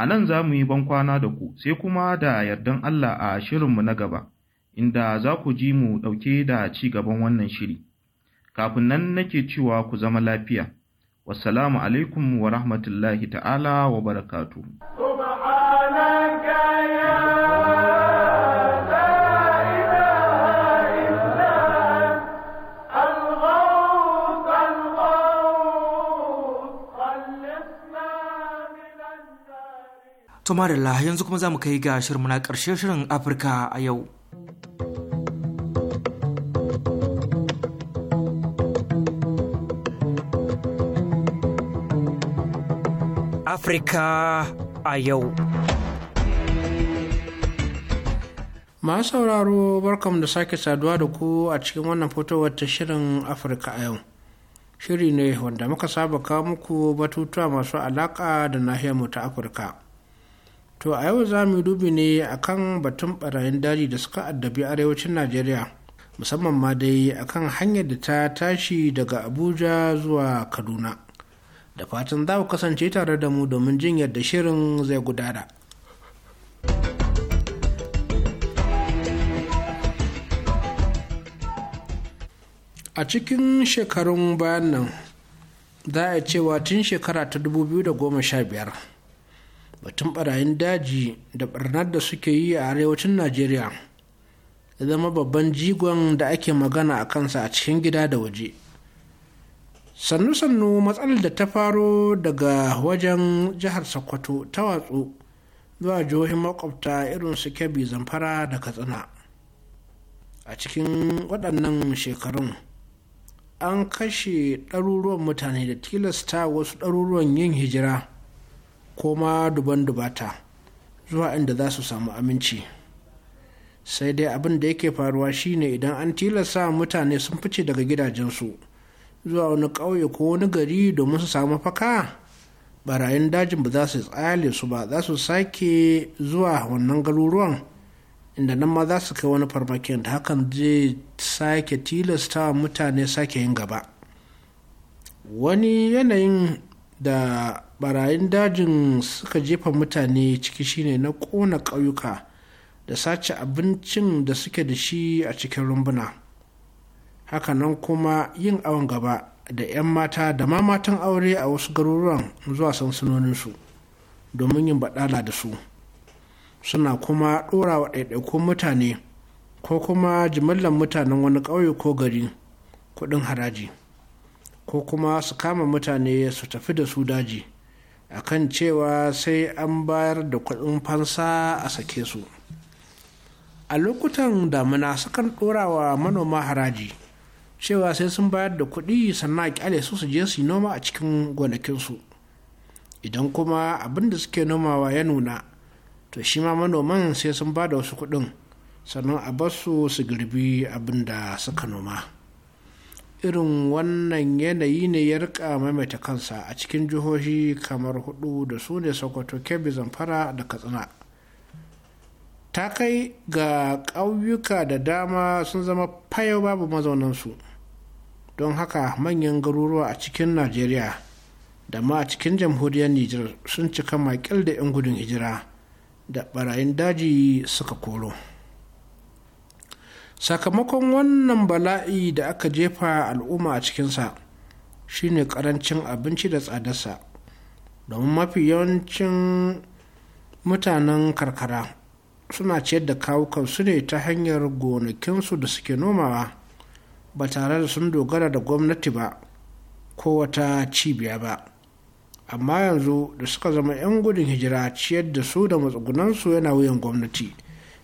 A nan za mu yi bankwana da ku sai kuma da yardan Allah a shirinmu na gaba, inda za ku ji mu ɗauke da ci gaban wannan shiri. Kafin nan nake cewa ku zama lafiya. Wassalamu alaikum wa rahmatullahi ta'ala wa barakatuhu. To da yanzu kuma za mu kai ga shirin na ƙarshe shirin Afirka a yau. Afirka a yau. Masu sauraro barkam da sake saduwa da ku a cikin wannan fitowar ta shirin Afirka a yau. Shiri ne wanda muka saba kawo muku batutuwa masu alaƙa da nahiyarmu ta Afirka. to a yau za mu dubi ne akan batun barayin daji da suka addabi arewacin najeriya musamman ma dai akan hanyar da ta tashi daga abuja zuwa kaduna da fatan za ku kasance tare da mu domin jin yadda shirin zai gudana. a cikin shekarun bayan nan za a cewa tun shekara ta 2015 batun barayin daji da barnar da suke yi a arewacin najeriya ya zama babban jigon da ake magana a kansa a cikin gida da waje sannu-sannu matsalar da ta faro daga wajen jihar sokoto ta watsu zuwa jihohin makwabta irin su kebbi zamfara da katsina a cikin waɗannan shekarun an kashe ɗaruruwan mutane da tilasta wasu ɗaruruwan yin hijira ko ma duban dubata zuwa inda za su samu aminci sai dai abin da yake faruwa shine idan an tilasta mutane sun fice daga gidajensu zuwa wani ƙauye ko wani gari domin su samu faka barayin dajin ba za su tsale su ba za su sake zuwa wannan garuruwan inda nan ma za su kai wani farmakin da hakan zai sake tilasta mutane sake yin gaba wani yanayin da barayin dajin suka jefa mutane ciki shine na ƙona ƙauyuka da sace abincin da suke da shi a cikin rumbuna hakanan kuma yin awon gaba da 'yan mata da ma matan aure a wasu garuruwan zuwa sansanoninsu domin yin baɗala da su suna kuma ɗora wa ɗaiɗaikun mutane ko kuma jimillar mutanen wani ƙauye ko gari kuɗin haraji ko kuma su kama mutane su tafi da su daji akan cewa sai an bayar da kuɗin fansa a sake su a lokutan damuna sukan ɗora wa manoma haraji cewa sai sun bayar da kuɗi sannan a kyale su su je su noma a cikin gonakinsu idan kuma abin da suke nomawa ya nuna to shi ma manoman sai sun ba da wasu kuɗin sannan a basu su girbi abin da suka noma. irin wannan yanayi ne ya rika maimaita kansa a cikin jihohi kamar hudu da su ne sokoto kebbi zamfara da katsina ta kai ga ƙauyuka da dama sun zama fayau babu mazaunansu don haka manyan garuruwa a cikin najeriya da ma a cikin jamhuriyar nijar sun cika makil da 'yan gudun hijira da barayin daji suka koro. sakamakon wannan bala'i da aka jefa al'umma a cikinsa shine karancin abinci da tsadarsa domin mafi yawancin mutanen karkara suna ciyar da kawukansu ne ta hanyar gonakinsu da suke nomawa ba tare da sun dogara da gwamnati ba ko wata cibiya ba amma yanzu da suka zama 'yan gudun hijira ciyar da su da matsugunansu yana wuyan gwamnati.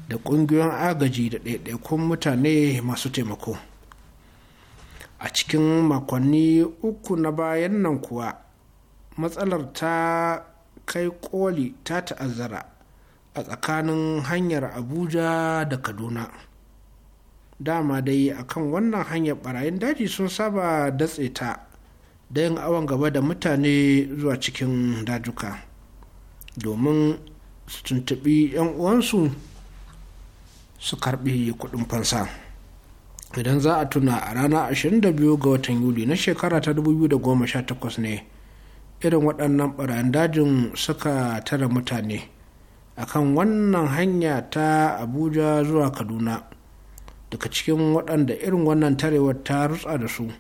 da ƙungiyoyin agaji da ɗaiɗaikun mutane masu taimako a cikin makonni uku na bayan nan kuwa matsalar ta kai koli ta ta'azzara a tsakanin hanyar abuja da kaduna dama dai akan wannan hanyar barayin daji sun saba datse ta da yin awon gaba da mutane zuwa cikin dajuka domin su tuntuɓi 'yan uwansu su karbi kudin fansa idan za a tuna a ranar 22 ga watan yuli na shekara ta 2018 ne irin waɗannan barayan dajin suka tara mutane a kan wannan hanya ta abuja zuwa kaduna daga cikin waɗanda irin wannan tarewar ta rutsa da su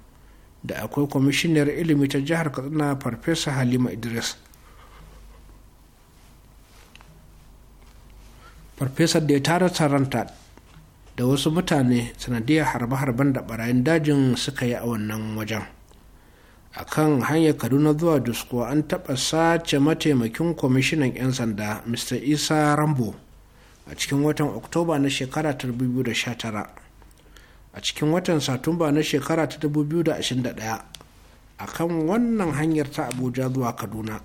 da akwai kwamishinar ilimi ta jihar katsina farfesa halima idris farfesar da ya tara ranta da wasu mutane sanadiyar harbe-harben da barayin dajin suka yi a wannan wajen a kan hanyar kaduna zuwa dusko an taɓa sace mataimakin kwamishinan 'yan sanda mr isa rambo a cikin watan oktoba na shekara ta 2019 a cikin watan satumba na shekara ta 2021 a kan wannan hanyar ta abuja zuwa kaduna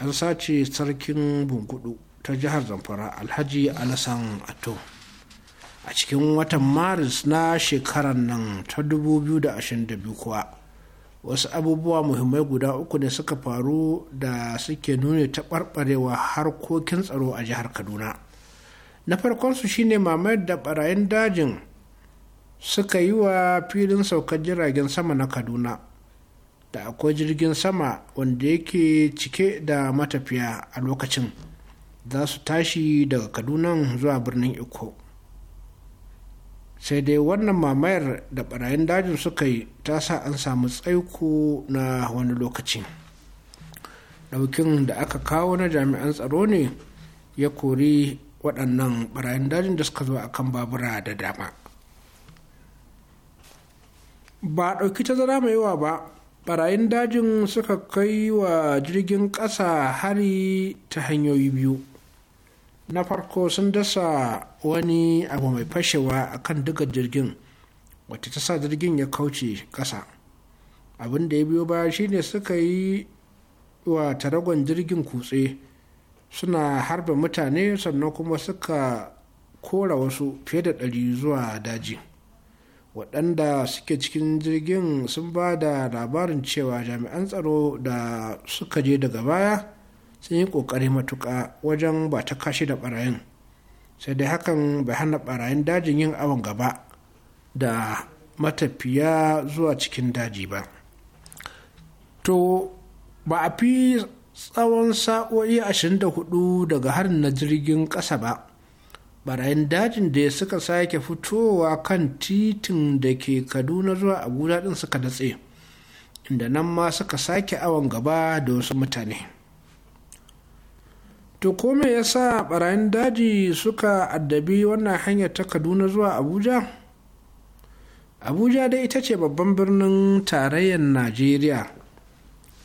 an sace sarkin bunkudu ta jihar zamfara alhaji alasan ato a cikin watan maris na shekarar nan ta 2022 kuwa wasu abubuwa muhimmai guda uku ne suka faru da suke nuna taɓarɓarewa harkokin tsaro a jihar kaduna na farkonsu shine mamayar da barayin dajin suka yi wa filin saukar jiragen sama na kaduna da akwai jirgin sama wanda yake cike da matafiya a lokacin za su tashi daga kaduna zuwa birnin iko sai dai wannan mamayar da barayin dajin suka yi ta sa an samu tsaiko na wani lokaci daukin da aka kawo na jami'an tsaro ne ya kori waɗannan barayin dajin da suka zo a kan babura da dama ba a ɗauki tazara mai yawa ba barayin dajin suka kai wa jirgin ƙasa hari ta hanyoyi biyu na farko sun dasa wani abu mai fashewa a kan duka jirgin wacce ta sa jirgin ya kauce ƙasa abin da ya biyo baya shine suka yi wa taragon jirgin kutse suna harbe mutane sannan kuma suka kora wasu fiye da ɗari zuwa daji waɗanda suke cikin jirgin sun ba da labarin cewa jami'an tsaro da suka je daga baya sun yi ƙoƙari matuƙa wajen ba ta kashi da ɓarayin sai dai hakan bai hana barayin dajin yin awon gaba da matafiya zuwa cikin daji ba to ba a fi tsawon sa'o'i 24 daga harin na jirgin ƙasa ba barayin dajin da suka sake fitowa kan titin da ke kaduna zuwa abuja din suka datse inda nan ma suka sake awon gaba da wasu mutane to ko me yasa barayin daji suka addabi wannan hanyar ta kaduna zuwa abuja abuja dai ita ce babban birnin tarayyar najeriya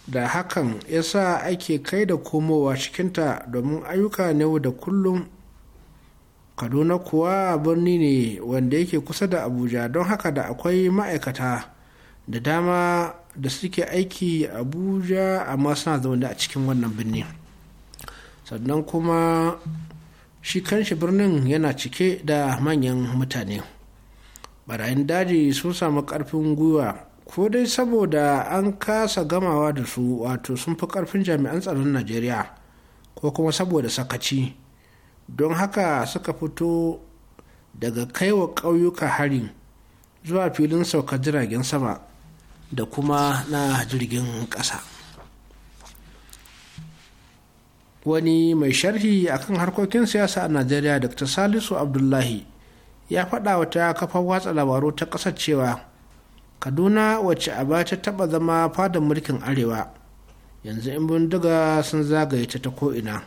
da hakan yasa ake kai da komowa cikinta domin ayyuka ne da kullum kaduna kuwa birni ne wanda yake kusa da abuja don haka da akwai ma'aikata da dama da suke aiki abuja amma suna zaune a cikin wannan birni. sannan kuma shi kanshi birnin yana cike da manyan mutane barayin daji sun samu karfin gwiwa ko dai saboda an kasa gamawa da su wato sun fi karfin jami'an tsaron najeriya ko kuma saboda sakaci don haka suka fito daga kaiwa ƙauyuka hari zuwa filin sauka jiragen sama da kuma na jirgin ƙasa. wani mai sharhi a kan harkokin siyasa a najeriya dr salisu abdullahi ya faɗa wata kafar watsa labaru ta ƙasar cewa kaduna wacce a baya ta taɓa zama fadar mulkin arewa yanzu in bindiga sun zagaye ta ta ko'ina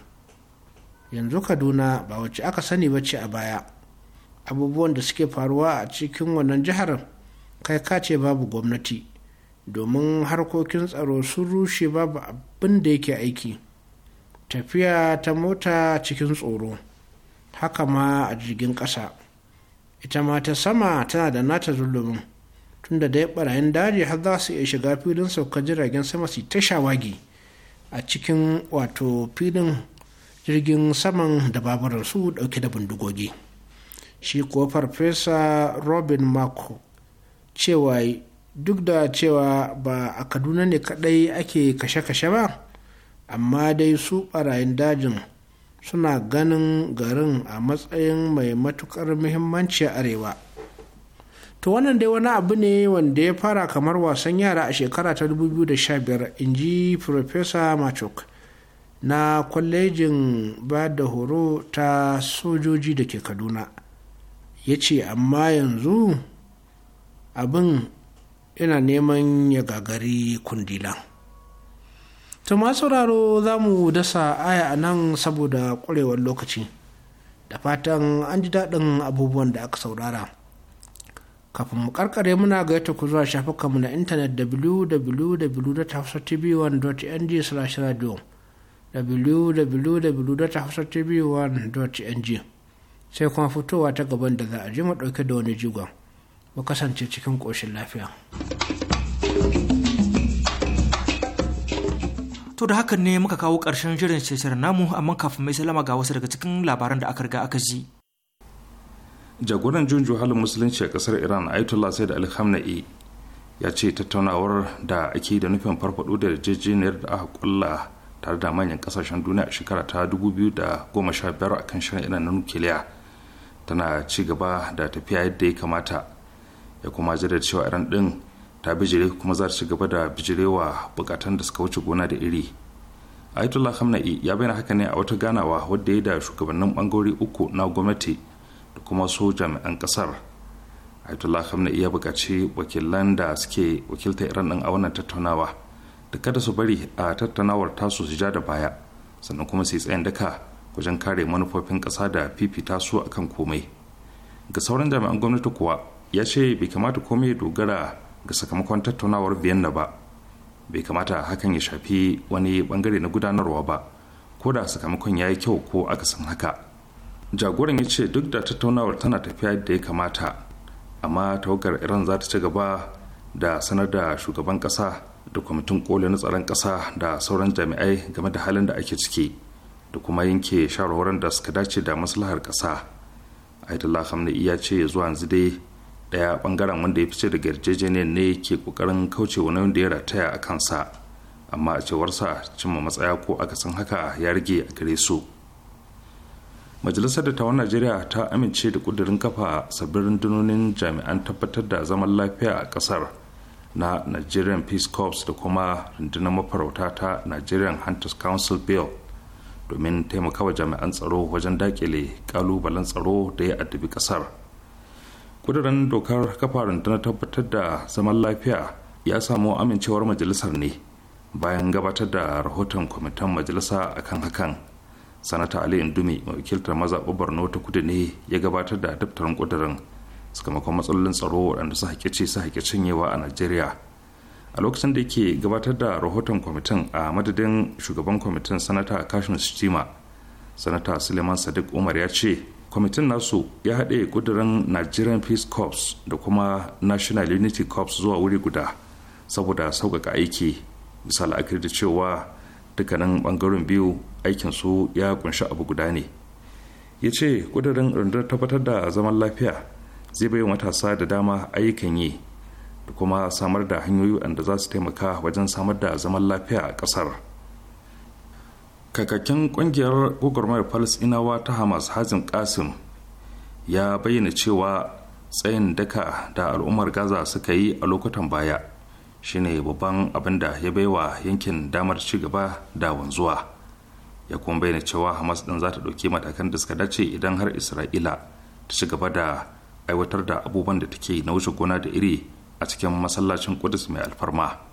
yanzu kaduna ba wacce aka sani ba ce a baya abubuwan da suke faruwa a cikin wannan jihar kai kace babu gwamnati domin harkokin tsaro sun rushe babu abin da yake aiki tafiya ta mota cikin tsoro haka ma a jirgin ƙasa ita ma ta sama tana da nata zulumin tunda da barayin daji har za su iya shiga filin saukar jiragen sama su ta shawagi a cikin wato filin jirgin saman da baburan su dauke da bindigogi shi kuwa farfesa robin mako cewa duk da cewa ba a kaduna ne kadai ake kashe-kashe ba amma dai su ɓarayin dajin suna ganin garin a matsayin mai matukar muhimmanci arewa to wannan dai wani abu ne wanda ya fara kamar wasan yara a shekara ta 2015 in ji Profesa machuk na kwalejin ba da horo ta sojoji da ke kaduna ya ce amma yanzu abin yana neman ya gagari kundila To ma sauraro za mu dasa aya a nan saboda ƙwarewar lokaci. Da fatan an ji daɗin abubuwan da aka saurara. Kafin mu karkare muna ga yata ku zuwa shafukanmu na intanet www.hafsatv1.ng slash radio www.hafsatv1.ng sai kuma fitowa ta gaban da za a ji mu ɗauke da wani jigon. Mu kasance cikin ƙoshin lafiya. To da hakan ne muka kawo ƙarshen shirin shirin namu amma kafin mai salama ga wasu daga cikin labaran da aka riga aka ji. Jagoran junju halin musulunci a ƙasar Iran Ayatollah Said Ali Khamenei ya ce tattaunawar da ake da nufin farfaɗo da yarjejeniyar da aka kulla tare da manyan kasashen duniya a shekara ta 2015 akan shirin Iran na nukiliya tana ci gaba da tafiya yadda ya kamata ya kuma jaddada cewa Iran ɗin ta bijire kuma za ta ci gaba da bijirewa bukatan da suka wuce gona da iri ayatollah khamenei ya bayyana haka ne a wata ganawa wadda ya da shugabannin bangarori uku na gwamnati da kuma su jami'an kasar ayatollah khamenei ya bukaci wakilan da suke wakilta iran din a wannan tattaunawa da kada su bari a tattaunawar tasu su ja da baya sannan kuma su yi tsayin daka wajen kare manufofin kasa da fifita su akan komai ga sauran jami'an gwamnati kuwa ya ce bai kamata komai dogara ga sakamakon tattaunawar vienna ba bai kamata hakan ya shafi wani bangare na gudanarwa ba ko da sakamakon ya yi kyau ko aka san haka jagoran ya ce duk da tattaunawar tana tafiya da ya kamata amma tawagar iran za ta ci gaba da sanar da shugaban kasa da kwamitin koli na tsaron kasa da sauran jami'ai game da halin da ake ciki da kuma yanke shawarwaran da suka dace da maslahar kasa aitullah hamdi ya ce zuwa yanzu dai daya bangaren wanda ya fice daga yarjejeniyar ne ke kokarin kaucewa nauyin da ya rataya a kansa amma a cewarsa cimma matsaya ko akasin haka ya rage a gare su majalisar dattawan najeriya ta amince da kudirin kafa sabbin rundunonin jami'an tabbatar da zaman lafiya a kasar na nigerian peace corps da kuma rundunar mafarauta ta nigerian hunters council bill domin taimakawa jami'an tsaro wajen dakile kalubalen tsaro da ya addabi kasar kudurin dokar kafa rundunar tabbatar da zaman lafiya ya samu amincewar majalisar ne bayan gabatar da rahoton kwamitin majalisa akan hakan sanata ali indumi mai wakiltar mazaɓar borno ta kudu ne ya gabatar da daftarin kudurin sakamakon matsalolin tsaro waɗanda su haƙe su haƙe cinyewa a najeriya a lokacin da ke gabatar da rahoton kwamitin a madadin shugaban kwamitin sanata kashin sitima sanata suleiman sadiq umar ya ce kwamitin nasu ya haɗe ƙudurin nigerian peace corps da kuma national unity corps zuwa wuri guda saboda sauƙaƙa aiki misali la'akari da cewa dukkanin ɓangaren biyu aikinsu ya ƙunshi abu guda ne ya ce ƙudurin rundunar tabbatar da zaman lafiya zai bai matasa da dama ayyukan yi da kuma samar da hanyoyi wanda za su taimaka wajen samar da zaman lafiya a ƙasar. kakakin kungiyar pulse inawa ta hamas hazin kasim ya bayyana cewa tsayin daka da al'ummar gaza suka yi a lokutan baya shine babban abin da ya baiwa yankin damar ci gaba da wanzuwa ya kuma bayyana cewa hamas din za ta ɗauki matakan da suka dace idan har isra'ila ta ci gaba da aiwatar da abubuwan da take na wuce gona da iri a cikin masallacin kudus mai alfarma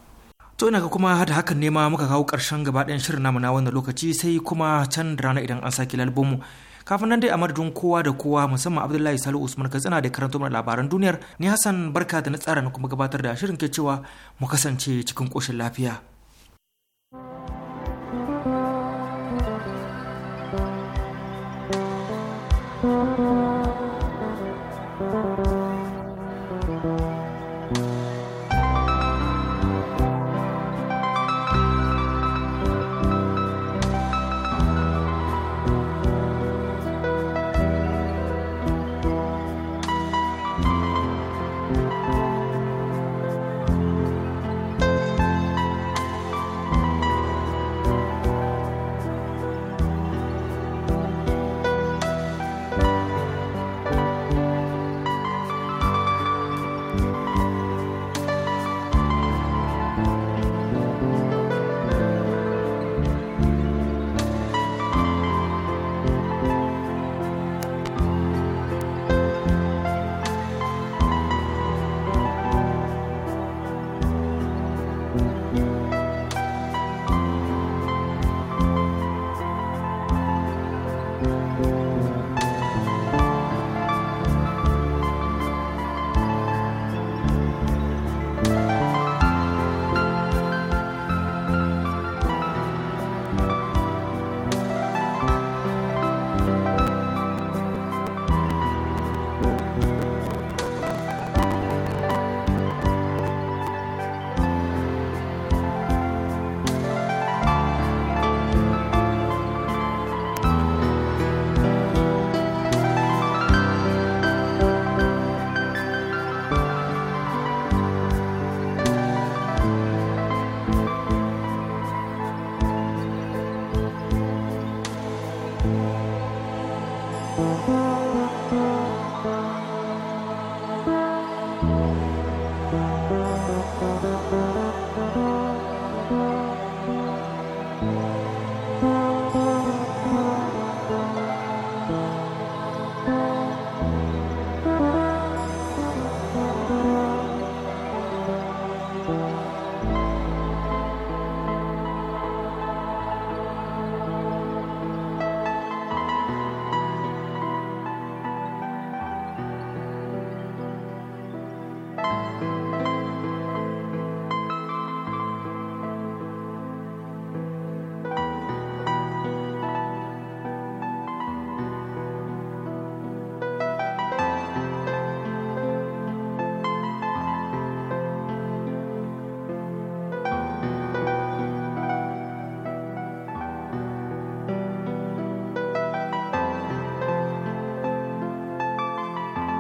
To ina ga kuma da hakan ne ma muka kawo ƙarshen gaba ɗayan shirin namu na wannan lokaci sai kuma can rana idan an sake lalbomu. Kafin nan dai a madadin kowa da kowa musamman Abdullahi Salihu Usman Katsina da karanto mana labaran duniyar ni Hassan barka da na tsara na kuma gabatar da shirin ke cewa mu kasance cikin koshin lafiya.